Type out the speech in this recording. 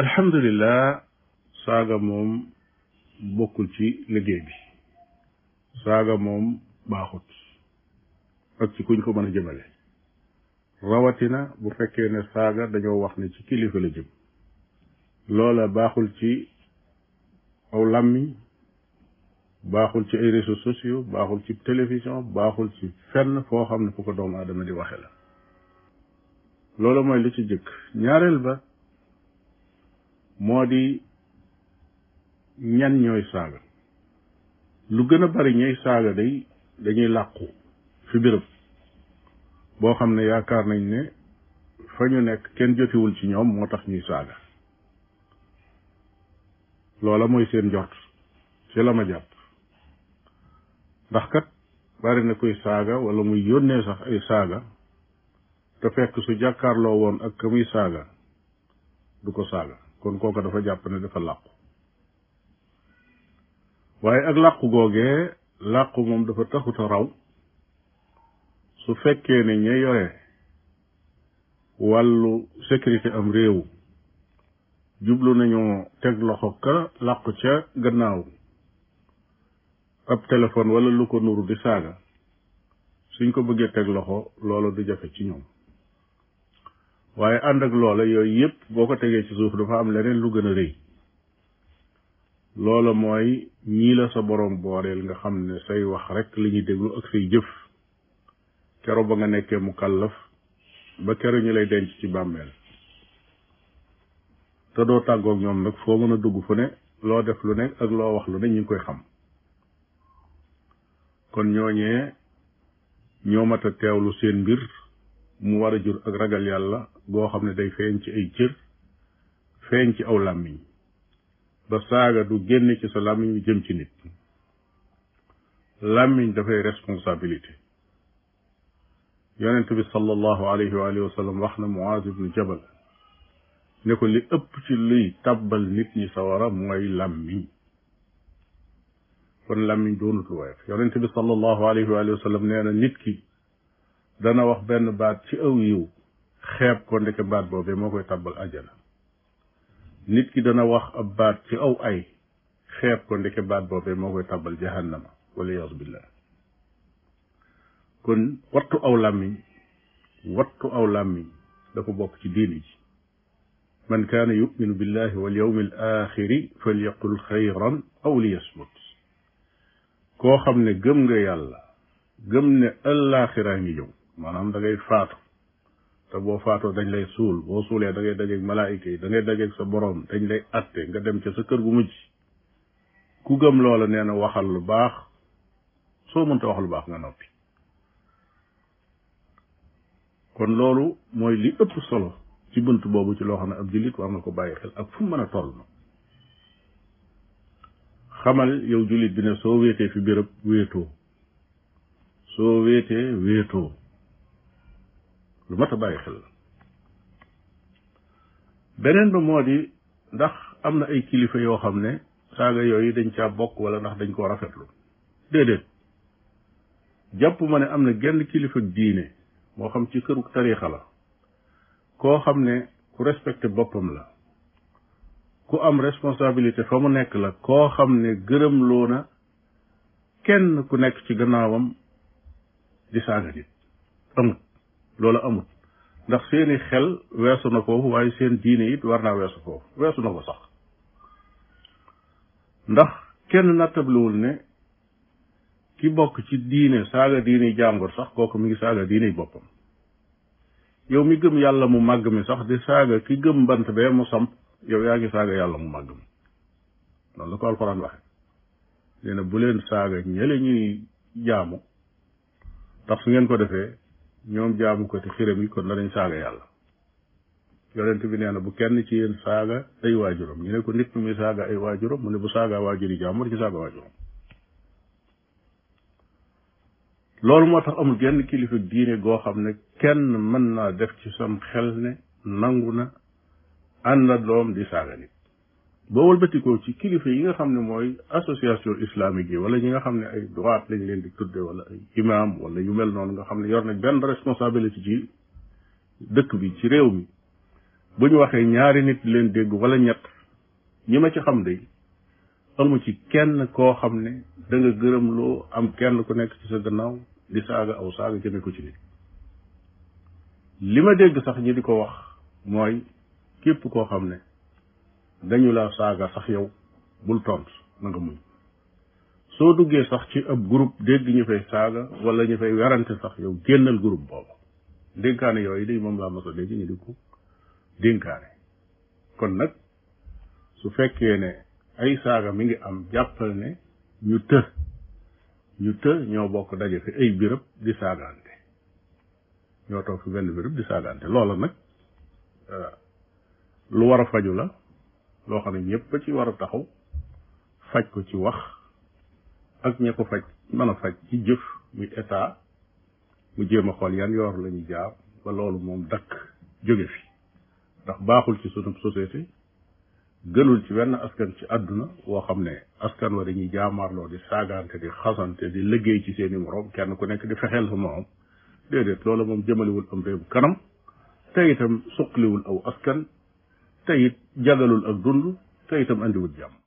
alhamdulilah saaga moom bokkul ci liggéey bi saaga moom baaxut ak ci kuñ ko mën a jëmale rawatina bu fekkee ne saaga dañoo wax ne ci kilifa la jëm loola baaxul ci aw làmmi baaxul ci ay réseaux sociaux baaxul ci télévision baaxul ci fenn foo xam ne fu ko doomu aadama di waxe la loola mooy li ci jëkk ñaareel ba moo di ñan ñooy saaga lu gën a bari ñooy saaga day dañuy làqu fi béréb boo xam ne yaakaar nañ ne fa ñu nekk kenn jotewul ci ñoom moo tax ñuy saaga loola mooy seen njort ci la ma jàpp ndax kat bari na koy saaga wala muy yónnee sax ay saaga te fekk su jàkkaarloo woon ak ka muy saaga du ko saaga kon kooka dafa jàpp dafa làqu waaye ak làqu googee làqu moom dafa taxuta raw su fekkee ne ña yore wàllu sécurité am réew jublu nañoo teg loxo ka làqu ca gannaaw ab téléphone walla lu ko nuru di saaga suñ ko bëggee teg loxo loola du jafe ci ñoom waaye ànd ak loola yooyu yépp boo ko tegee ci suuf dafa am leneen lu gën a rëy loola mooy ñii la sa boroom booreel nga xam ne say wax rek li ñuy déglu ak say jëf kero ba nga nekkee mu kàllaf ba kero ñu lay denc ci bàmmeel te doo tàggoog ñoom nag foo mën a dugg fu ne loo def lu nekk ak loo wax lu ne ñu ngi koy xam kon ñooñee ñoo mat a teewlu seen mbir mu war a jur ak ragal yàlla goo xam ne day feeñ ci ay cër feeñ ci aw làmmiñ ba saaga du génn ci sa làmmiñ bi jëm ci nit làmmiñ dafay responsabilité yonent bi sallallahu alayhi wa alihi wa sallam wax na muaz ibnu jabal ne ko li ëpp ci luy tàbbal nit ñi sawara mooy làmmiñ kon làmmiñ doonut lu woyof yonent bi sallallahu alayhi wa alihi wa sallam nee na nit ki dana wax benn baat ci aw yiw xeeb ko ndek baat boobee moo koy tàbbal ajjana nit ki dana wax ab baat ci aw ay xeeb ko ndek baat boobee moo koy tàbbal jahannama wala yaas billah kon wattu aw làmmiñ wattu aw làmmiñ dafa bokk ci diini ji man kaana yuminu billahi wal yawmi al falyaqul xayran aw liyasmut koo xam ne gëm nga yàlla gëm ne ëllaaxiraa ngi yow maanaam da ngay faatu te boo faatoo dañ lay suul boo suulee da ngay dajeeg malaayika yi da ngay sa boroom dañ lay atte nga dem ca sa kër gu mujj ku gëm loola nee na waxal lu baax soo mënta wax lu baax nga noppi kon loolu mooy li ëpp solo ci bunt boobu ci loo xam ne ab jullit war na ko bàyyi xel ak fu mu mën a toll na xamal yow jullit bi ne soo wéetee fi béréb wéetoo soo wéetee wéetoo lu mat a bàyyi xel la beneen ba moo di ndax am na ay kilifa yoo xam ne saaga yooyu dañ caa bokk wala ndax dañ koo rafetlu déedéet jàpp ma ne am na genn kilifa diine moo xam ci këru tariixa la koo xam ne ku respecté boppam la ku am responsabilité fa mu nekk la koo xam ne gërëm loo na kenn ku nekk ci gannaawam di saaga nit amut loolu amut ndax seeni xel weesu na foofu waaye seen diine it war naa weesu foofu weesu na ko sax ndax kenn nattablewul ne ki bokk ci diine saaga diine jàmbur sax kooku mu ngi saaga diine boppam yow mi gëm yàlla mu màgg mi sax di saaga ki gëm bant bee mu samp yow yaa ngi saaga yàlla mu màgg mi loolu ko alxuraan waxe nee bu leen saaga ñële ñuy jaamu ndax su ngeen ko defee ñoom jaamu ko te xiram yi kon danañ saaga yàlla yonent bi nee na bu kenn ci yéen saaga ay waajuram ñu ne ko nit mi saaga ay waajuram mu ne bu saaga waajuri jaamur ci saaga waajuram loolu moo tax amul genn kilifa diine goo xam ne kenn mën naa def ci sam xel ne nangu na doom di saaga nit ba wëlbatikoo ci kilifa yi nga xam ne mooy association islamique yi wala ñi nga xam ne ay droite lañ leen di tudde wala ay imam wala yu mel noonu nga xam ne yor nañ benn responsabilité ci dëkk bi ci réew mi bu ñu waxee ñaari nit leen dégg wala ñett ñi ma ci xam de amu ci kenn koo xam ne da gërëm loo am kenn ku nekk ci sa gannaaw di saaga aw saaga jëme ko ci nit li ma dégg sax ñi di ko wax mooy képp koo xam ne dañu la saaga sax yow bul tontu na muñ soo duggee sax ci ab groupe dégg ñu fay saaga wala ñu fay werante sax yow génnal group boobu dénkaane yooyu day moom laa mos a dégg ñu di ko dénkaane kon nag su fekkee ne ay saaga mi ngi am jàppal ne ñu të ñu të ñoo bokk daje fi ay birëb di saagaante ñoo toog fi benn birëb di saagante loola nag euh, lu war faju la loo xam ne ñëpp ci war a taxaw faj ko ci wax ak ña ko faj mën a faj ci jëf mu état mu jéem a xool yan yoor la ñu jaar ba loolu moom dakk jóge fi ndax baaxul ci sunu société gënul ci wenn askan ci àdduna woo xam ne askan wa dañuy jaamaarloo di saagaante di xasante di liggéey ci seeni moroom kenn ku nekk di fexeel sa moroom déedéet loolu moom jëmaliwul am réew kanam te itam suqaliwul aw askan te it jagalul ak dund te itam andiwut jàmm